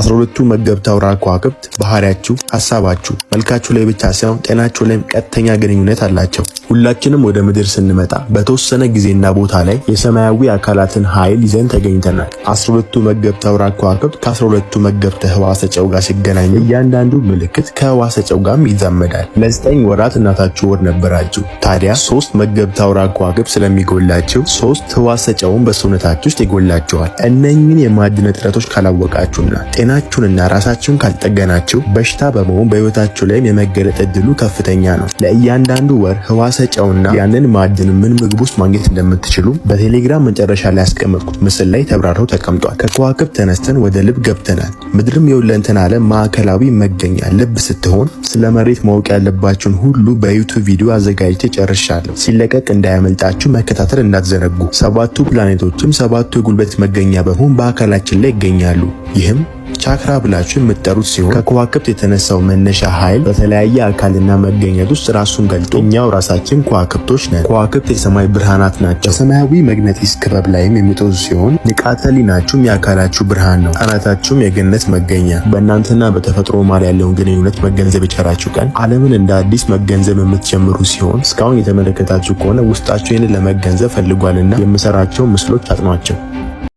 አስራ ሁለቱ መገብተ አውራ ከዋክብት ባህሪያችሁ፣ ሀሳባችሁ፣ መልካችሁ ላይ ብቻ ሳይሆን ጤናችሁ ላይም ቀጥተኛ ግንኙነት አላቸው። ሁላችንም ወደ ምድር ስንመጣ በተወሰነ ጊዜና ቦታ ላይ የሰማያዊ አካላትን ኃይል ይዘን ተገኝተናል። 12ቱ መገብት አውራ ከዋክብት ከ 12 መገብተ ህዋሰ ጨው ጋር ሲገናኙ እያንዳንዱ ምልክት ከህዋሰ ጨው ጋርም ይዛመዳል። ለዘጠኝ ወራት እናታችሁ ወር ነበራችሁ። ታዲያ ሶስት መገብተ አውራ ከዋክብት ስለሚጎላችሁ ሶስት ህዋሰ ጨውን በሰውነታችሁ ውስጥ ይጎላቸዋል። እነኝን የማዕድን እጥረቶች ካላወቃችሁና ጤናችሁንና ራሳችሁን ካልጠገናችሁ በሽታ በመሆን በህይወታችሁ ላይም የመገለጥ እድሉ ከፍተኛ ነው። ለእያንዳንዱ ወር ህዋሰ ጨውና ያንን ማዕድን ምን ምግብ ውስጥ ማግኘት እንደምትችሉ በቴሌግራም መጨረሻ ላይ ያስቀመጥኩት ምስል ላይ ተብራርተው ተቀምጧል። ከከዋክብ ተነስተን ወደ ልብ ገብተናል። ምድርም የሁለንተና ዓለም ማዕከላዊ መገኛ ልብ ስትሆን ስለ መሬት ማወቅ ያለባችሁን ሁሉ በዩቱብ ቪዲዮ አዘጋጅቼ ጨርሻለሁ። ሲለቀቅ እንዳያመልጣችሁ መከታተል እንዳትዘነጉ። ሰባቱ ፕላኔቶችም ሰባቱ የጉልበት መገኛ በመሆን በአካላችን ላይ ይገኛሉ። ይህም ቻክራ ብላችሁ የምትጠሩት ሲሆን ከከዋክብት የተነሳው መነሻ ኃይል በተለያየ አካልና መገኘት ውስጥ ራሱን ገልጦ እኛው ራሳችን ከዋክብቶች ነን። ከዋክብት የሰማይ ብርሃናት ናቸው። በሰማያዊ መግነጢስ ክበብ ላይም የሚጦዙ ሲሆን ንቃተ ሕሊናችሁም የአካላችሁ ብርሃን ነው። ጣናታችሁም የገነት መገኛ። በእናንተና በተፈጥሮ ማል ያለውን ግንኙነት መገንዘብ የቻላችሁ ቀን ዓለምን እንደ አዲስ መገንዘብ የምትጀምሩ ሲሆን እስካሁን የተመለከታችሁ ከሆነ ውስጣችሁ ይህንን ለመገንዘብ ፈልጓልና የምሰራቸው ምስሎች አጥኗቸው።